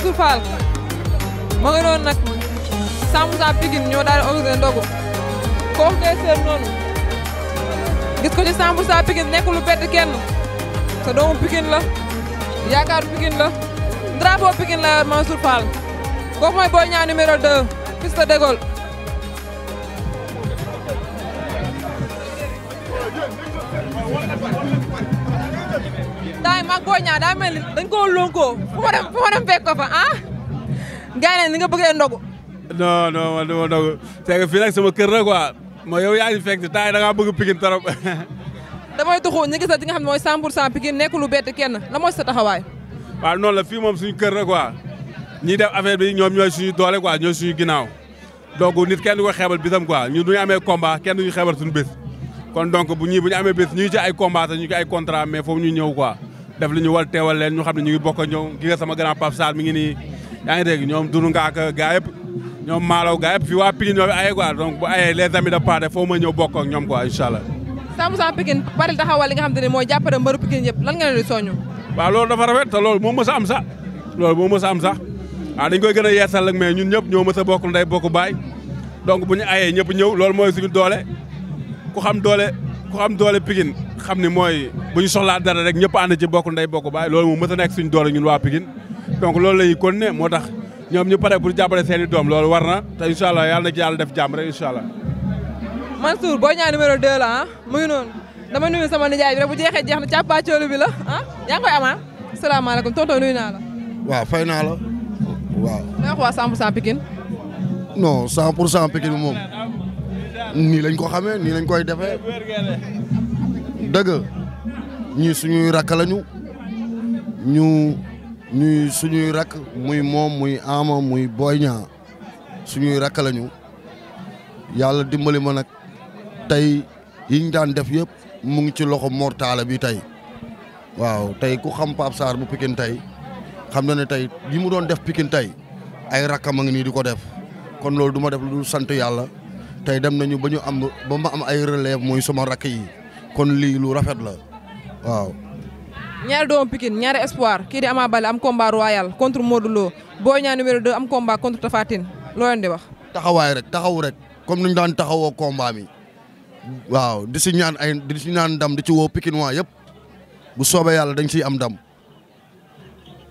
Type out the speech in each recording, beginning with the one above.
Mansour Fall ma nga noonu nag Sam Moussa kooku tey noonu gis ko ci Sam Moussa Pikine nekk kenn sa doomu Pikine la yaakaaru Pikine la drapeau Pikine la Mansour Fall kooku mooy Boy Niang numéro 2 piste de daay maa booy ñaa daa mel ni dañ koo lonkoo fu ma dem fu ma fa ah gars yi ne ni nga bëggee ndogu non non man dama ndogu c'est que fii nag sama kër la quoi ma yow yaa ngi fekk temps yi da ngaa bëgg pikin trop damay tuxu ñu gis la di nga xam mooy 100 pour cent pikin nekk lu bett kenn la mooy sa taxawaay waaw la fii moom suñu kër la quoi ñiy def affaire bi ñoom ñooy suñu doole quoi ñooy suñu ginnaaw donc nit kenn du ko xeebal bisam quoi ñu duñu amee combat kenn duñu xeebal suñu bis kon bu ñuy bu ñu amee bis ñu ay combat te ñu ngi mais foofu ñu ñëw quoi def li ñu wal teewal leen ñu xam ne ñu ngi bokk ñoom gi a sama a Pape Sarr mi ngi yaa ngi dégg ñoom dunu nga ak gaa ñoom maalaw gaa yëpp waa Pikine ñoo aye quoi donc bu ayee les amis de Pathé foo ma ñëw bokk ak ñoom quoi a allah 100% Pikine bari taxawal li nga xam te ne mooy jàppale mbaru Pikine yëpp lan nga leen di soñu loolu dafa rafet loolu moo mës a am sax loolu moo mës a am sa a ah, dañ koy gën a yeesal ak mais ñun ñëpp ñoo mës a bokk ndey bokk baay donc bu ñu ayee ñëpp ñëw loolu mooy suñu doole ku xam doole ku xam doole Pikine xam ne mooy bu ñu soxlaa dara rek ñëpp ànd ci bokk ndey bokk baay loolu moom mës a nekk suñu doole ñun waa Pikine donc loolu la ñuy continuer moo tax ñoom ñu pare pour jàppale seen i doom loolu war na te incha allah yàlla na ci yàlla def jàmm rek incha allah. Mansour Boy Niang numéro 2 la ah mu ngi noonu dama nuyu sama nijaay bi rek bu jeexee jeex na càppaacoolu bi la ah yaa ngi koy am ah salaamaaleykum naa la. waaw fay naa la waaw. nga wax waa 100% Pikine. non 100% moom nii lañ ko xamee nii lañ koy defee. dëgg ñii suñuy rakk lañu ñu ñuy suñuy rakk muy moom muy Ama muy Boy Niang suñuy rakk yàlla dimbali ma nag tey yiñ daan def yëpp mu ngi ci loxo mortaale bi tey waaw tey ku xam Pape Sarr bu pikin tey xam na ne tey yi mu doon def pikin tey ay rakkam a ngi nii di ko def kon loolu du ma def lu dul sant yàlla tey dem nañu ba ñu am ba am ay relève mooy sama rakk yi kon lii lu rafet la waaw. ñaari doomu pikin ñaari espoir kii di Ama Baldé am combat royal contre Modou Lo Boy Niang numéro am combat contre Tapha loo leen di wax. taxawaay rek taxaw rek comme ni daan taxawoo combat mi waaw di si ñaan ay di si ndam di ci woo Pikine yëpp bu soobee yàlla dañ ciy am ndam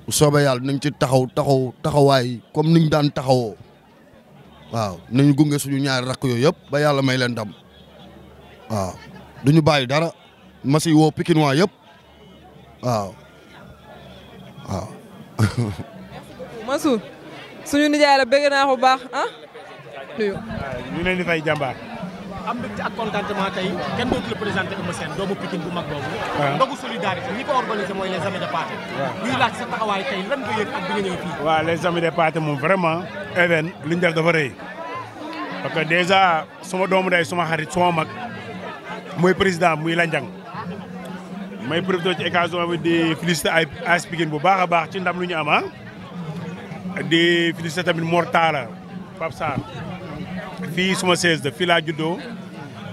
bu yàlla nañ ci taxaw taxaw taxawaay comme ni daan taxawoo waaw nañu gunge suñu ñaari rakk yooyu yëpp ba yàlla may leen ndam waaw. du ñu bàyyi dara ma si woo Pikinois yëpp waaw waaw. Mansour suñu nijaay la bëgg naa ko bu baax ah. nuyu. ñu leen di fay jàmbaar. am mbégte ak contentement tey kenn dootu la présenté Eumeu Sène doomu Pikine bu mag boobu. ndogu solidarité ñi ko organisé mooy les amis de Pathé. waaw laaj sa taxawaay tey lan nga ak bi nga ñëw fii. waaw les de Pathé moom vraiment. even li ñu def dafa rëy parce que déjà suma doomu day suma xarit suma mag. mooy président muy Landiang may profité ci occasion bi di félicité ay AS Pikine bu baax a baax ci ndam lu ñu ama ah. di félicité tamit Mor Talla Pape Sarr fii suma sees de fii laa juddoo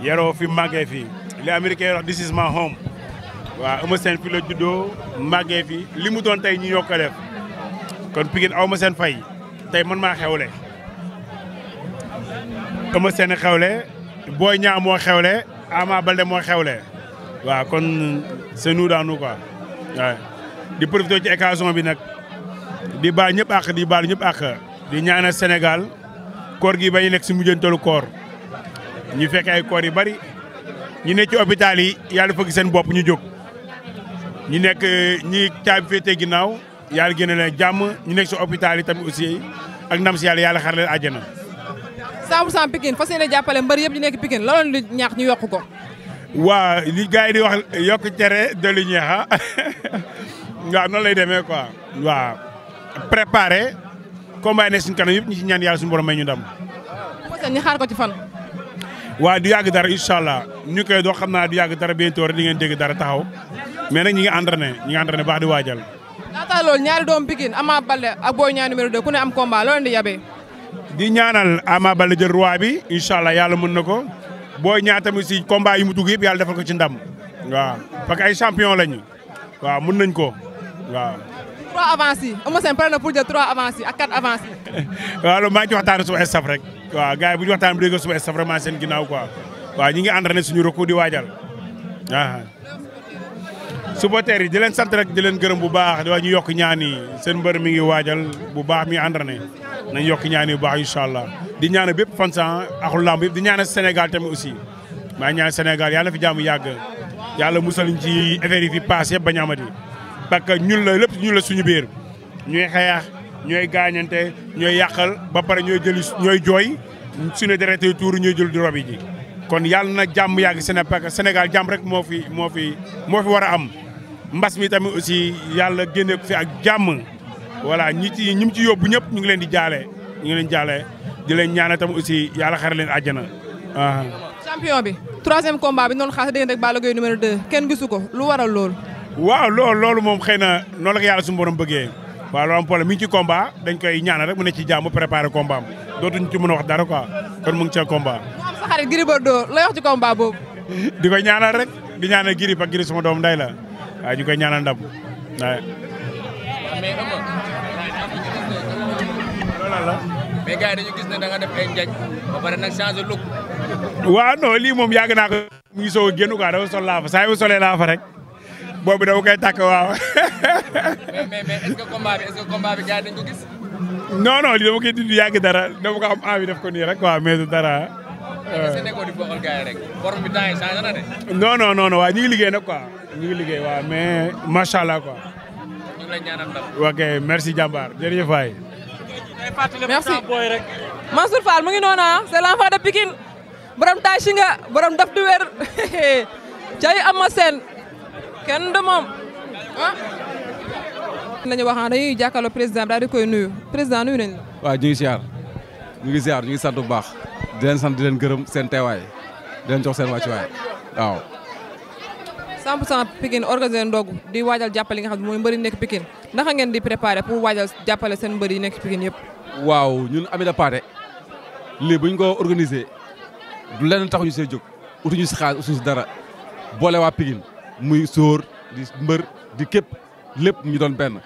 yaroo fi màggee fii li américain wax this is my home waaw Eumeu Sène fii la juddoo màggee fii li mu doon tey ñu yokk a def kon Pikine aw ma seen fay tey man maa xewle Eumeu Sène xewle Boy Niang moo xewle Ama Baldé moo xewle waaw kon c'est nous dans nous quoi waaw di profité bi nag di baal ñëpp àq di baal ñëpp àq di ñaanal Sénégal koor gi bañ nekk si mujjantalu koor ñu fekk ay koor yu bari ñu nekk ci hôpital yi yàlla fëgg seen bopp ñu jóg ñu nekk euh, ñi caabi féete ginnaaw yàlla génne leen jàmm ñu nekk si hôpital yi tamit aussi ak ndam si yàlla yàlla xar leen 100% Pikine fas yéene jàppale mbër yëpp di nekk Pikine loolu di ñaax ñu yokk ko. waaw li gars yi di wax yokk cere dolli ñeex ah waaw noonu lay demee quoi. waaw préparé combat ne suñu kanam yëpp ñu ci ñaan yàlla suñu borom ñu ndam. waaw ñu xaar ko ci fan. waaw du yàgg dara incha ñu koy dox xam naa du yàgg dara bientôt rek di ngeen dégg dara taxaw mais nag ñi ngi entraîné ñi ngi entraîné baax di waajal. laataa loolu ñaari doom Pikine Ama Baldé ak Boy Niang numéro 2 ku ne am combat di ñaanal Ama Baldé jël roi bi incha allah yàlla mën na ko booy ñaa tamit si combat yi mu dugg yëpp yàlla defal ko ci ndam waa parce que ay champion lañu waaw mën nañ ko waaw. trois avance yi am na pare na pour jël trois avance yi avance yi. waaw maa ngi ci waxtaan rek waa gars yi bu ñu waxtaan bu dégg suma staff vraiment seen ginnaaw ko waa ñi ngi entraîné suñu roko di waajal waaw. Ah. supporters yi di leen sant rek di leen gërëm bu baax di wax ñu yokk ñaan seen mbër mi ngi waajal bu baax mi entraîné. nañ yokk ñaan yu baax incha allah di ñaana bépp fansan ak lamb yëpp di ñaana Sénégal tamit aussi maa ngi ñaan Sénégal yàlla fi jaamu yàgg yàlla musal ñu ci affaire yi fi paas yëpp bañ a amati parce que ñun la lépp ñun la suñu biir ñooy xeex ñooy gaañante ñooy yàqal ba pare ñooy jëli ñooy jooy suñu deret yi tuuru ñooy jël di robi ji. kon yàlla na jàmm yàgg Sénégal jàmm rek moo fi moo fi moo fi war a am mbas mi tamit aussi yàlla génne ko fi ak jàmm. voilà ñi ci ñi mu ci yóbbu ñëpp ñu ngi leen di jaale ñu ngi leen jaale di leen ñaanal tam aussi yàlla xare leen àjjana. Ah. champion bi troisième combat bi noonu xaas diggante ak Balla Gaye numéro 2 kenn gisu ko lu waral loolu. waaw loolu loolu moom xëy na noonu la ko yàlla suñu borom bëggee waaw mi ngi ci combat dañ koy ñaanal rek mu ne ci jàmm préparé combat am dootuñu ci mën a wax dara quoi kon mu ngi ca combat. mu am sa xarit Gris Bordeaux lay wax ci combat boobu. di ko ñaanal rek di ñaanal Gris ak Gris sama doom nday la waaye ñu koy ñaanal mais ëmb. loolu la. mais gars yi dañu gis ne njaaj ba pare nag changé look. waaw non lii moom yàgg naa ko. mu ngi soog a génn quoi dafa sol laa fa saa yu solee laa fa rek. boobu dafa koy takk waaw. mais mais mais est ce que combat bi est ce que combat bi gars yi dañ ko gis. non non lii dama koy dindi yàgg dara dama ko am envie ko nii rek quoi mais dara. non liggéey nag quoi ñu ngi liggéey ñu lay ñaanal ndam. ok merci jàmbaar jërëjëf waay. merci Mansour mu ngi noonu ah c'est l'enfant de Pikine borom taashi nga borom daf du wér cay ama seen kenn du moom ah. nañu wax ah dañuy jàkkaarloo président daal di koy nuyu président nuyu nañu la. ñu ngi ziar ñu ngi ziar ñu ngi sant bu baax di leen sant di leen gërëm seen teewaay di leen jox seen wàccuwaay waaw. 100% Pikine organisé ndogu di waajal jàppale nga xam ne mooy mbëri nekk Pikine naka ngeen di préparé pour waajal jàppale seen mbëri yi nekk Pikine yëpp. waaw ñun Amitié Pathé lii bu ñu ko organise du lenn taxuñu see jóg utuñu si xaalis utuñu si dara boole waa Pikine muy sóor di mbër di képp lépp ñu doon benn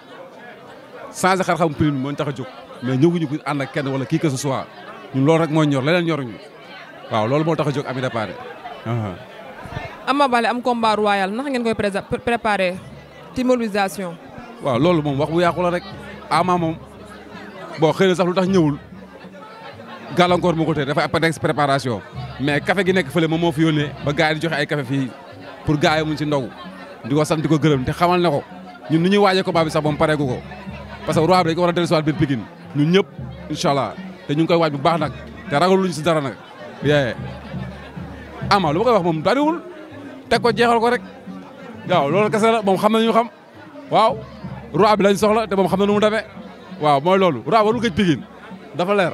changé xar-xamu Pikine moo tax a jóg mais ñëwuñu ko ànd ak kenn wala kii que ce soit ñun loolu rek moo ñor leneen ñoruñu waaw loolu moo tax a jóg Amitié Ama Baldé am combat royal ndax ngeen koy préparé ci mobilisation. waaw loolu moom wax bu yàqu la rek Ama moom boo xëy na sax lu tax ñëwul gàllankoor moo ko tee dafa après préparation. mais café gi nekk fële moom moo fi yónnee ba gars yi di joxe ay café fii pour gars yi mu si ndogu di ko sant di ko gërëm te xamal ne ko ñun nu ñuy waajee combat bi sax moom pareegu ko parce que roi bi dañ ko war a dellusiwaat biir Pikine ñun ñëpp incha allah te ñu ngi koy waaj bu baax nag te ragaluñu si dara nag. yee Ama lu wax moom bariwul. teg ko jeexal ko rek waaw loolu kese la moom xam na ñu xam waaw roi bi lañ soxla te moom xam na nu mu demee waaw mooy loolu roi warul gëj Pikine dafa leer.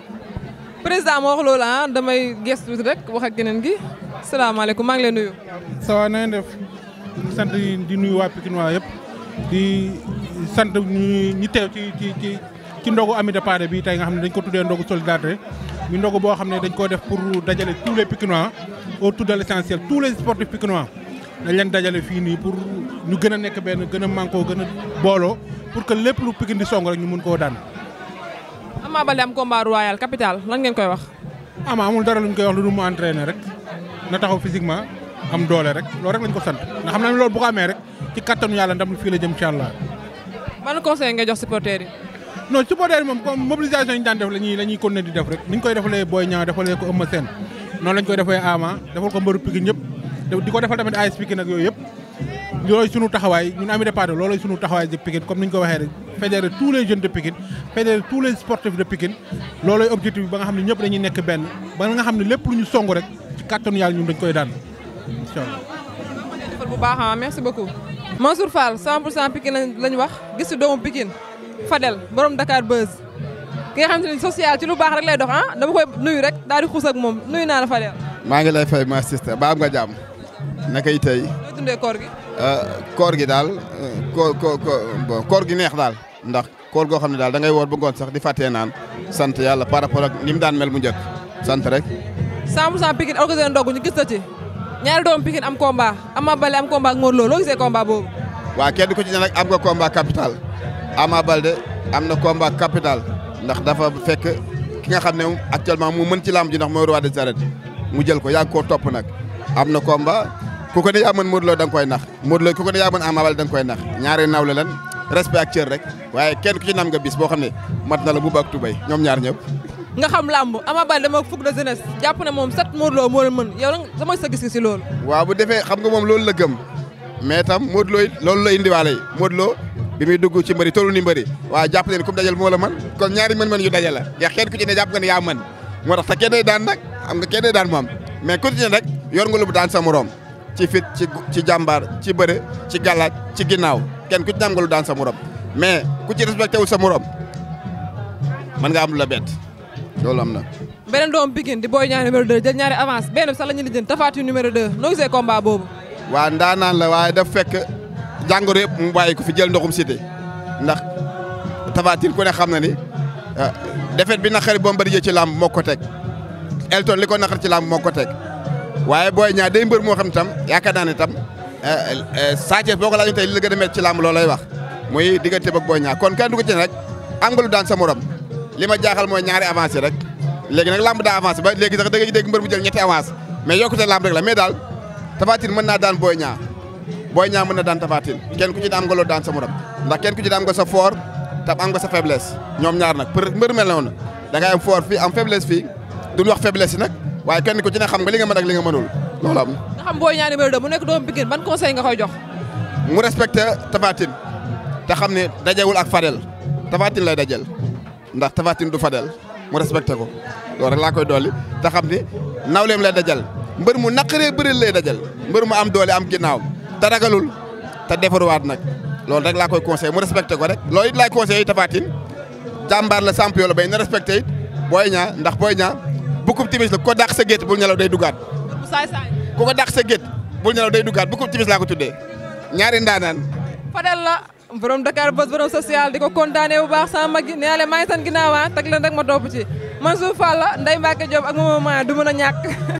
président moo wax loolu ah damay gestu rek wax ak keneen gi salaamaaleykum maa ngi lay nuyu. ça va na ngeen def di sant di nuyu waa Pikine waa yëpp di sant ñu ñi teew ci ci ci ci ndogu ami de pare bi tey nga xam ne dañ ko tuddee ndogu solidarité ñu ndogu boo xam ne dañ koo def pour dajale tous les Pikinois autour de l' essentiel tous les sportifs Pikinois. dañ leen dajale fii nii pour ñu gën a nekk benn gën a mànkoo gën booloo pour que lépp lu Pikine di song rek ñu mun koo daan. Ama Baldé am combat royal capital lan ngeen koy wax. ama amul dara luñ koy wax lu du mu entraîner rek na taxaw physiquement am doole rek loolu rek lañ ko sant ndax xam na loolu bu ko amee rek ci kattanu yàlla ndam lu fii la jëm incha allah. ban conseil nga jox supporters yi. non supporters yi moom comme mobilisation yi ñu daan def la ñuy la ñuy continuer di def defee Ama ko mbëru ñëpp di ko defal tamit AS Pikine nag yooyu yëpp loolu sunu taxawaay ñun Ami de Pato loolu sunu taxawaay de Pikine comme ni ñu ko waxee rek fédérer tous les jeunes de Pikine fédérer tous les sportifs de Pikine loolooy objectif bi ba nga xam ne ñëpp dañuy nekk benn ba nga xam ne lépp lu ñu rek ci kàttanu yàlla ñun dañ koy daan incha allah. bu baax ah, merci beaucoup. Mansour Fall 100% Pikine lañ wax gis ci doomu Pikine Fadel borom Dakar Buzz ki nga xam ne social ci lu baax lay dox ah dama koy nuyu rek daal di moom nuyu naa maa ngi lay fay ma sister ba am nga nakay tey. looy dundee koor gi. Ah, koor daal koor koor koor gi neex daal ndax koor goo xam ne daal da ngay woor ba ngoon sax di fàttee naan sant yàlla par rapport ak ni mu daan mel mu njëkk sant rek. 100% Pikine organisé na ndogu ñu gis la ci doomu Pikine am combat Ama am combat ak Modou Lo loo gisee combat boobu. waaw ku ci ne nag am nga combat capital Ama Baldé am na combat capital ndax dafa fekk ki nga xam ne actuellement mu mën ci lamb ji ndax mooy roi mu jël ko yaa ngi koo topp nag. am na komba ku ko ne yaa mën Modou Lo da nga koy nax Modou Lo ku ko ne yaa mën Ama Baldé da nga koy nax ñaari nawle lan respect rek waaye kenn ku ci nam nga bis boo xam ne mat na la bu bak tubay ñoom ñaar ñëpp nga xam làmb am Baldé dama fukk de jeunesse jàpp ne moom set Modou Lo moo leen mën yow lan sama sa gis-gis si loolu waaw bu defee xam nga moom loolu la gëm mais tam Modou Lo loolu la indiwaale yi Modou bi muy dugg ci mbëri tollu ni mbëri waa jàpp leen comme dajal moo la kon ñaari mën-mën yu dajal la ndax kenn ne jàpp nga ne yaa moo tax te kenn daan nag xam nga kenn daan moom mais ku rek yor nga lu bu daan sa morom ci fit ci ci jàmbaar ci bëre ci gàllaaj ci ginnaaw kenn ku ci am nga lu daan sa morom mais ku ci respecté wul sa morom mën nga am lu la bett am na. beneen doomu Pikine di Boy Niang numéro 2 ñaari avance benn sax la ñu lijjanti Tapha Tine numéro 2 noo waa ndaanaan la waaye daf fekk jàngoro yëpp mu bàyyi ko fi jël ndoxum cité ndax Tapha Tine ku ne xam na ni euh, defet bi naqari Bombardier ci làmb moo ko teg. Elton li ko naqar ci làmb moo ko teg waaye Boy Niang day mbër moo xam tam yaakaar naa ne tam eh, eh, Sa Thiès boo ko laajoon tey li la gën a métti ci làmb loolu lay wax muy diggante ak Boy Niang kon kenn du ko ci ne rek am nga lu daan li ma jaaxal mooy ñaari avancé rek léegi nag làmb daa avancé ba léegi sax da ngay dégg mbër bu jël ñetti avance mais yokkute làmb rek la mais daal Tapha mën naa daan booy ñaa Boy Niang mën na daan Tapha Tine kenn ku ci am nga daan sa morom ndax kenn ku ci am nga sa fort tam am nga sa faiblesse ñoom ñaar nag pour mbër mel noonu da ngay am fort fii am faiblesse fii duñ wax faiblesse nag waaye kenn ku ci ne xam nga li nga mën ak li nga mënul loolu am nga xam Boy Niang numéro 2 mu nekk doomu Pikine ban conseil nga koy jox mu respecté Tapha Tine te xam ne dajewul ak Fadel Tapha la lay dajel ndax Tapha du Fadel mu respecté ko loolu rek laa koy dolli te xam ne la lay dajal mbër mu naqaree bëril lay dajal mbër mu am doole am ginnaaw te ragalul te defaruwaat nag loolu rek laa koy conseillé mu respecté ko rek loolu it laay conseillé Tapha jàmbaar la samp yoo bay na respecté it Boy ndax Boy Niang bukkub timis la ku ko dàq sa gét bul nelaw day dugaat. saay saay ku ko dàq sa gétt bul nelaw day dugaat bukkub timis laa ko tuddee ñaari ndaanaan. Fadel la borom Dakar Buzz borom social di ko kontaanee bu baax sama mag yi nee naa leen maa ngi seen ginnaaw ah, teg leen rek ma topp man Mansour Fall la Ndeye Mbacke ak Mamadou Maya du mën a ñàkk.